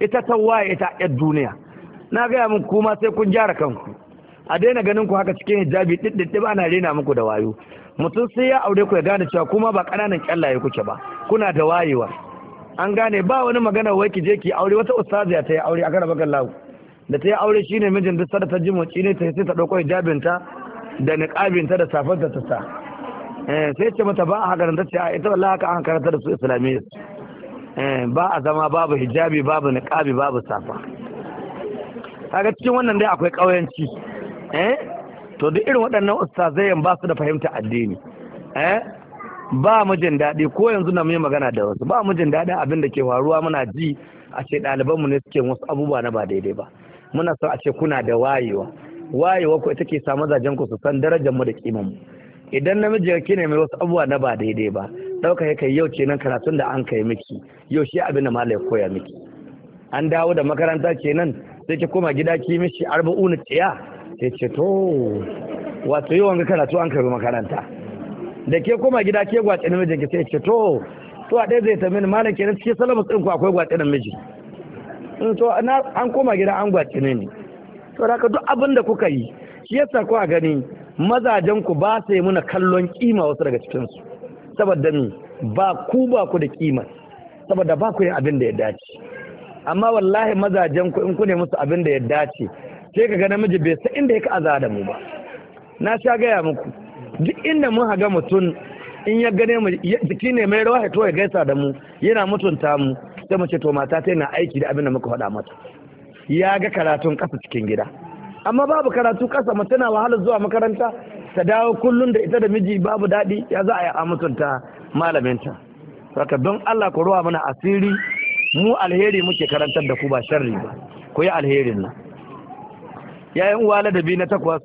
ita ta waye ita a duniya na gaya min kuma sai kun gyara kanku a daina ganin ku haka cikin hijabi ɗiɗɗiɗɗi ana rena muku da wayo mutum sai ya aure ku ya gane cewa kuma ba ƙananan kyallaye kuke ba kuna da wayewa an gane ba wani magana wai ki je ki aure wata ustaziya ta yi aure a gara bakan da ta yi aure shine mijin duk sada ta ji motsi ne ta sai ta ɗauko hijabinta da niƙabinta da safarta ta sa eh, sai ce mata ba a hakanan ta ce a ita wallahi haka an karanta da su islamiyya eh, ba a zama babu hijabi babu niƙabi babu safa kaga cikin wannan dai akwai ƙauyanci eh to duk irin waɗannan yan ba su da fahimta addini eh ba mu daɗi ko yanzu na mu magana da wasu ba mu jin daɗin abin da ke faruwa muna ji a ce ɗalibanmu ne suke wasu abubuwa na ba daidai ba muna son a ce kuna da wayewa wayewa ko ita ke sa mazajen ku su san darajar mu da kiman mu idan namiji ya ne mai wasu abubuwa na ba daidai ba ɗauka kai yau ce nan karatun da an kai miki yau shi abin da malai koya miki an dawo da makaranta kenan sai ke koma gida ki mishi arba'una tsiya? sai ce to wato yawan ga karatu an karbi makaranta da ke koma gida ke gwace namijin ki sai ce to to a ɗaya zai ta mini malam kenan cikin salamus ɗin ku akwai gwace namiji in to an koma gida an gwace ne to da duk abin da kuka yi shi yasa ku a gani mazajen ku ba sai muna kallon kima wasu daga cikin su saboda ni ba ku ba ku da kima saboda ba ku yin abin da ya dace amma wallahi mazajen ku in ku ne musu abin da ya dace sai ka ga namiji bai san inda yake aza da mu ba na sha gaya muku duk inda mun haga mutum in ya gane mu jiki ne mai rawa to ya gaisa da mu yana mutunta mu sai mu ce to mata ta na aiki da abin da muka faɗa mata ya ga karatun ƙasa cikin gida amma babu karatu kasa mu tana wahala zuwa makaranta ta dawo kullun da ita da miji babu daɗi ya za a yi a mutunta malaminta saka don Allah ku ruwa mana asiri mu alheri muke karantar da ku ba sharri ba ku yi alherin nan yayin uwa ladabi na takwas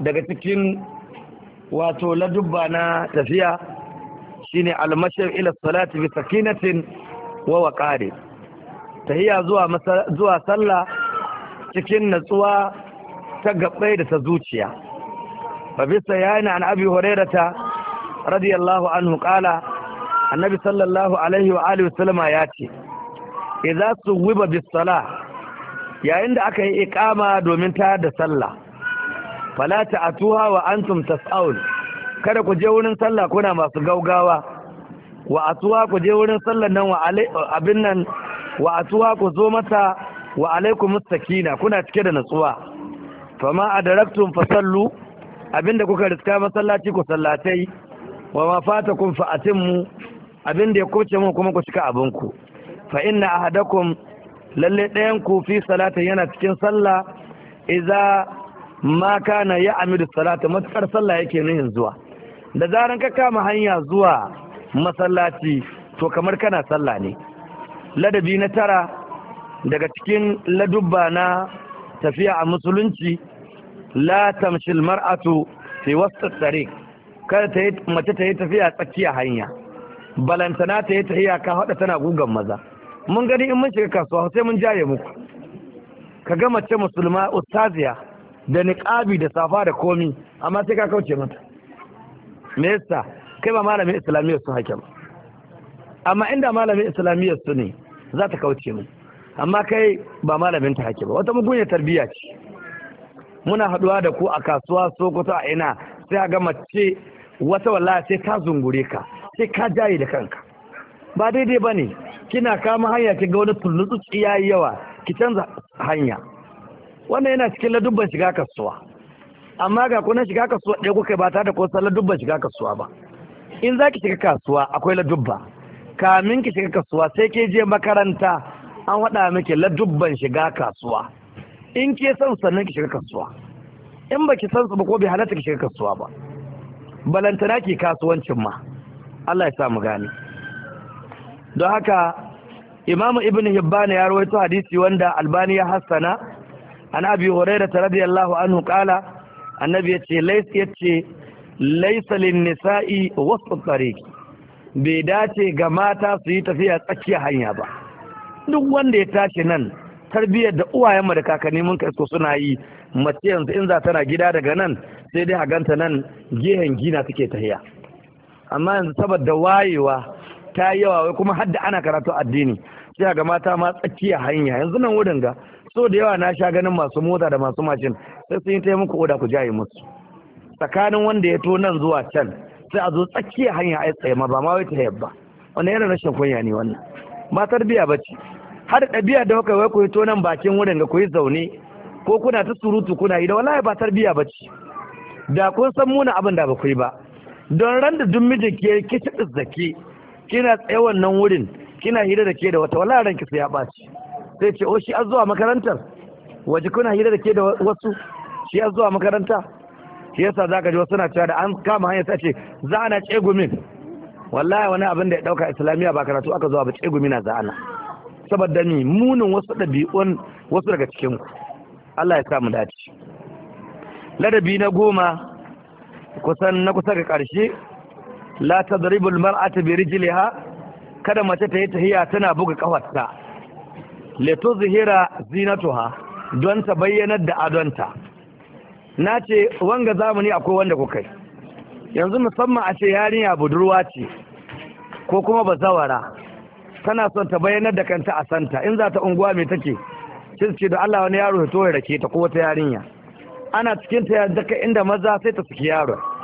daga cikin wato ladubba na tafiya shine almashir ila salati bi sakinatin wa waqari tahiya zuwa zuwa sallah cikin natsuwa ta gabbai da ta zuciya fa bisa yana an abi hurairata radiyallahu anhu qala annabi sallallahu alaihi wa alihi wasallama ya ce idza suwiba bis bisala. yayin da aka yi iqama domin ta da sallah fala atuha wa antum tas'aul kada ku je wurin sallah kuna masu gaugawa wa atuwa ku je wurin sallah nan wa abin nan wa atuwa ku zo mata wa alaikum sakina kuna cike da natsuwa fama adaraktum fasallu abinda kuka riska masallaci ku sallatai wa ma fatakum fa atimmu abin da ya kubce mun kuma ku cika abin ku. fa inna ahadakum lalle ɗayan ku fi salata yana cikin sallah idza ma kana ya amidu salata matsar sallah yake nuhin zuwa da zaran ka kama hanya zuwa masallaci to kamar kana sallah ne ladabi na tara daga cikin ladubba na tafiya a musulunci la tamshil mar'atu fi wasat tariq kada ta yi mace ta yi tafiya tsakiya hanya balantana ta yi tahiya ka haɗa tana gugan maza mun gani in mun shiga kasuwa sai mun jaye muku ka ga mace musulma ustaziya da niƙabi da safa da komi amma sai ka kauce mata me yasa kai ba malamin islamiyyar su hakim amma inda malamin islamiyyar su ne za ta kauce mu amma kai ba malamin ta hakim ba wata mugunya tarbiyya ce muna haɗuwa da ku a kasuwa sokoto a ina sai ga mace wata wallahi sai ta zungure ka sai ka jaye da kanka ba daidai ba ne kina kama hanya ki ga wani tullutsu ya yi yawa ki canza hanya wannan yana cikin ladubban shiga kasuwa amma ga kuna shiga kasuwa ɗaya kuka ba tare da kun ladubban shiga kasuwa ba in za ki shiga kasuwa akwai ladubba kamin ki shiga kasuwa sai ke je makaranta an waɗa miki ladubban shiga kasuwa in ke san sannan ki shiga kasuwa in ba ki san su ba ko bai halatta ki shiga kasuwa ba balantana ki kasuwancin ma Allah ya sa mu gane don haka imamu ibn hibban ya rawaito hadisi wanda albani ya hassana an abi hurairah radiyallahu anhu qala annabi yace lays yace laysa lin nisa'i wasf tariq bai dace ga mata su yi tafiya tsakiyar hanya ba duk wanda ya tashi nan tarbiyyar da uwayenmu da kakanni mun kai so suna yi mace yanzu in za tana gida daga nan sai dai a ganta nan gehen gina suke tahiya amma yanzu saboda wayewa ta yawa wai kuma hadda ana karatu addini sai ga mata ma tsakiya hanya yanzu nan wurin ga so da yawa na sha ganin masu mota da masu mashin sai sun yi ta muku oda ku jaye musu tsakanin wanda ya to nan zuwa can sai a zo tsakiya hanya a tsaye ma ba ma wai ta yabba wannan yana rashin kunya ne wannan matar biya bace har ɗabi'a da kuka wai ku yi to nan bakin wurin ga ku yi zaune ko kuna ta surutu kuna yi da wallahi ba tarbiya bace da kun san muna abin da ba ku yi ba don ran da duk mijin ke ki zaki kina tsaye wannan wurin kina hira da ke da wata wala ranki sai ya ɓaci sai ce o oh, shi an zuwa makarantar waje kuna hira da ke da wasu shi an zuwa makaranta shi yasa za ka ji wasu na cewa da an kama hanyar sai ce za ana tsegumin wallahi wani abin da ya ɗauka islamiyya ba karatu aka zuwa ba tsegumi na za'ana saboda ni munin wasu ɗabi'un wasu daga cikin Allah ya sa mu dace ladabi na goma kusan na kusa ga ƙarshe la tadribul mar'atu bi rijliha kada mace ta yi tahiya tana buga kafarta li tuzhira zinatuha don ta bayyanar da adonta na ce wanga zamani akwai wanda kuka yi yanzu musamman a ce yarinya budurwa ce ko kuma bazawara tana son ta bayyanar da kanta a santa in za ta unguwa mai take cin ce da Allah wani yaro ya to da rake ta ko wata yarinya ana cikin ta daga inda maza sai ta suke yaron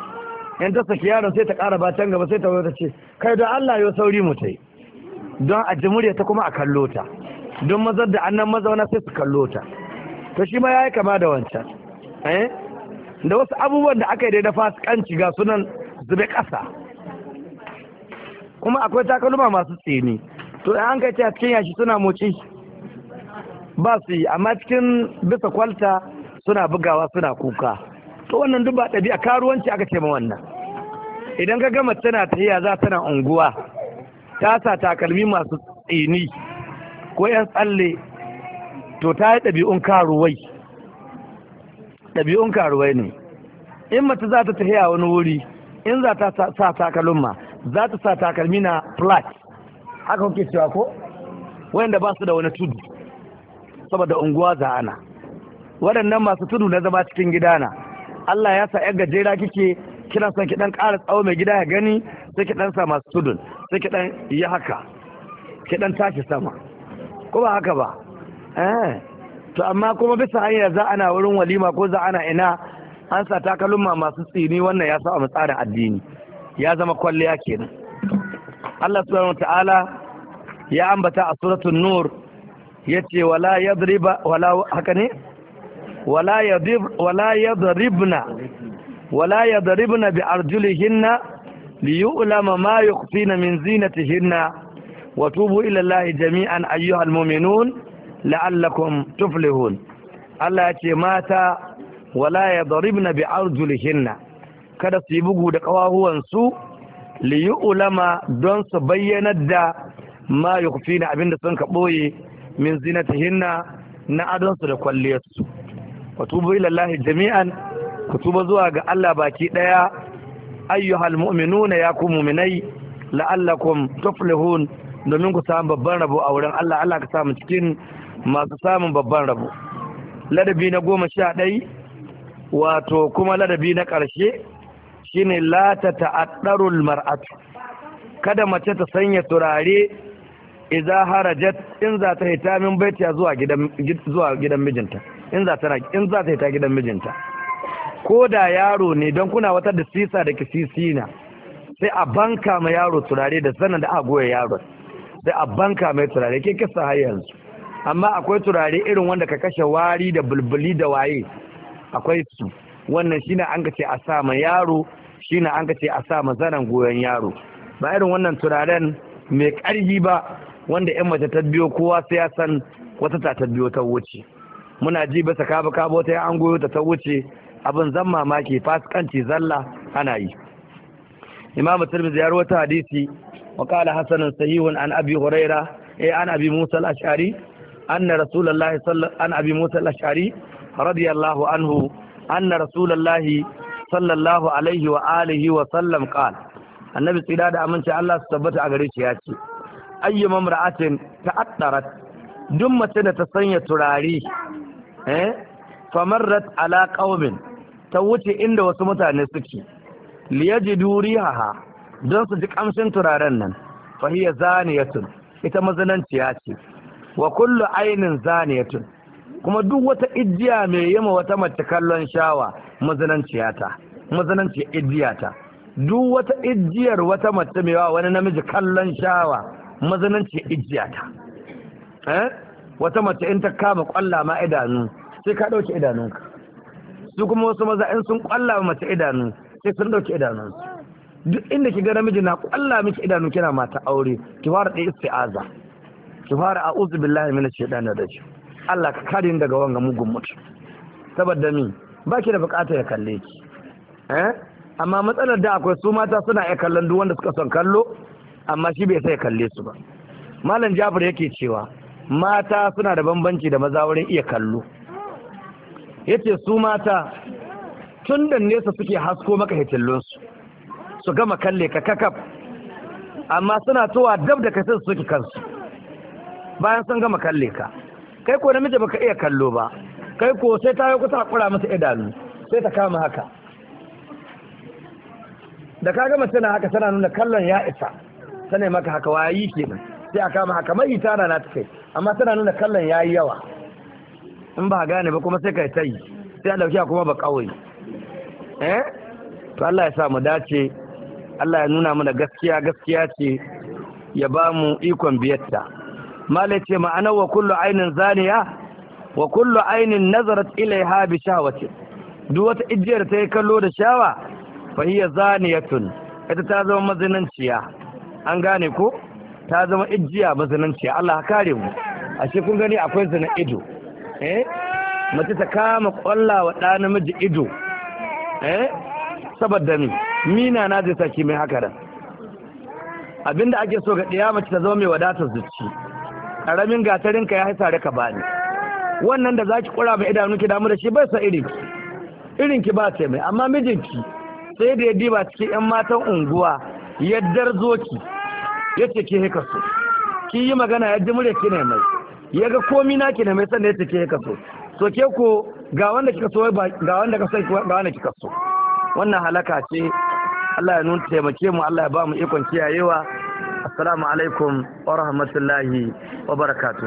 in ta saki yaron sai ta ƙara batan gaba sai ta wata ce kai don Allah yau sauri mu ta yi don a murya ta kuma a kallo ta don mazar da annan mazauna sai su kallo ta to shi ma ya yi kama da wancan eh? da wasu abubuwan da aka yi da fasikanci ga sunan zube ƙasa kuma akwai takalma masu tsini to an kai a cikin yashi suna moci ba su yi amma cikin bisa kwalta suna bugawa suna kuka to wannan duk ba ɗabi'a karuwanci aka ce ma wannan idan ka gama tana tahiya za tana unguwa ta sa takalmi masu tsini ko yan tsalle to ta yi ɗabi'un karuwai ɗabi'un karuwai ne in mace za ta tahiya wani wuri in za ta sa takalma za ta sa takalmi na flat haka kuke cewa ko wayanda ba su da wani tudu saboda unguwa za ana waɗannan masu tudu na zama cikin gidana Allah ya sa 'yan gajera kike kina son ki dan ƙara tsawo mai gida ya gani sai ki dan sa masu tudun sai ki dan yi haka ki dan tashi sama ko ba haka ba eh to amma kuma bisa hanyar za ana wurin walima ko za ana ina an sa takalma masu tsini wannan ya sa saba tsarin addini ya zama kwalliya kenan Allah subhanahu ta'ala ya ambata a suratul nur yace wala yadriba wala haka ne wala yadribna wala yadribna bi arjulihinna liyu'lama ma yukhfina min zinatihinna wa tubu ilallahi jami'an ayyuhal mu'minun la'allakum tuflihun Allah ya ce mata wala yadribna bi arjulihinna kada su yi bugu da kawahuwansu liyu'lama don su bayyanar da ma na abinda sun ka boye min zinatihinna na adonsu da kwalliyarsu wa tubu ila Allah jami'an ku tuba zuwa ga Allah baki daya ayyuhal mu'minuna ya ku mu'minai la'allakum tuflihun domin ku samu babban rabo a wurin Allah Allah ka samu cikin masu samun babban rabo ladabi na goma sha ɗai wato kuma ladabi na ƙarshe shine la ta ɗarul mar'atu kada mace ta sanya turare idan harajat in za ta hita min baitiya zuwa zuwa gidan mijinta in za ta in za ta yi ta gidan mijinta ko da yaro ne don kuna wata da sisa da kisisina sai a banka ma yaro turare da sanin da a goya yaro sai a banka mai turare ke kisa har yanzu amma akwai turare irin wanda ka kashe wari da bulbuli da waye akwai su wannan shine an kace a sa ma yaro shine an kace a sa ma zanen goyon yaro ba irin wannan turaren mai ƙarfi ba wanda 'yan mace ta biyo kowa sai ya san wata ta biyo ta wuce muna ji ba saka ba kabo ta an goyo ta ta wuce abin zan mamaki fasikanci zalla ana yi imam tirmidhi ya rawaita hadisi wa qala hasanun sahihun an abi huraira eh an abi musa al-ash'ari anna rasulullahi sallallahu an abi musa al-ash'ari radiyallahu anhu anna rasulullahi sallallahu alaihi wa alihi wa sallam qala annabi tsida da aminci Allah su tabbata a gare shi ya ce ayyuma mar'atin ta'attarat duk mace da ta sanya turare eh famarrat ala qaumin ta wuce inda wasu mutane suke liyajidu rihaha don su ji kamshin turaren nan fa hiya zaniyatun ita mazananciya ce wa kullu ainin zaniyatun kuma duk wata ijiya mai yima wata mace kallon shawa mazananciya ta mazananciya ijiya ta duk wata ijiyar wata mace mai wa wani namiji kallon shawa mazananciya ijiya ta eh wata mace in ta kama kwalla ma idanu sai ka dauke idanunka su kuma wasu maza in sun kwalla ma mace idanu sai sun dauke idanunsu duk inda ki ga namiji na kwalla miki idanu kina mata aure ki fara da isti'aza ki fara a'udhu billahi minash shaitanir rajim Allah ka kare ni daga wanga mugun mutum saboda min baki da bukatar ya kalle ki eh amma matsalar da akwai su mata suna iya kallon duk wanda suka son kallo amma shi bai sai ya kalle su ba malam Jafar yake cewa mata suna da bambanci da maza wurin iya kallo yace su mata tun da nesa suke hasko maka hitillunsu su gama kalle ka kakaf amma suna towa dab da kasar suke kansu bayan sun gama kalle ka kai ko namiji baka iya kallo ba kai ko sai ta yi kusa hakura masa idanu sai ta kama haka da ka gama tana haka tana nuna kallon ya isa sanai maka haka wayi kenan sai a kama mai itara na take amma tana nuna kallon yayi yawa in ba gane ba kuma sai kai ta yi sai a dauki kuma ba kawai eh to Allah ya sa mu dace Allah ya nuna mana gaskiya gaskiya ce ya ba mu ikon biyarta. mala ce ma'ana wa kullu ainin zaniya wa kullu ainin nazarat ilaiha bi shahwati duk wata ijiyar ta yi kallo da shawa fa hiya zaniyatun ita ta zama mazinanciya an gane ko ta zama ijiya mazananciya Allah kare mu ce kun gani akwai zina ido eh mace ta kama kwalla wa ɗa namiji ido eh saboda ni mina na zai saki mai haka da abinda ake so ga ɗaya mace ta zama mai wadatar zuci ƙaramin gatarin ka ya haisa raka bani wannan da zaki kura mai idanu ki damu da shi bai sa irin ki irin ki ba ta mai amma mijinki sai da ya diba cikin yan matan unguwa yaddar zoki ki ya ce ke haka so ki yi magana ya ji murya kina mai ya ga komi na kina mai sannan ya ce ke haka so so ke ko ga wanda kika so ga wanda ka sai ga wanda kika so wannan halaka ce Allah ya nuna taimake mu Allah ya ba mu ikon kiyayewa assalamu alaikum wa rahmatullahi wa barakatuh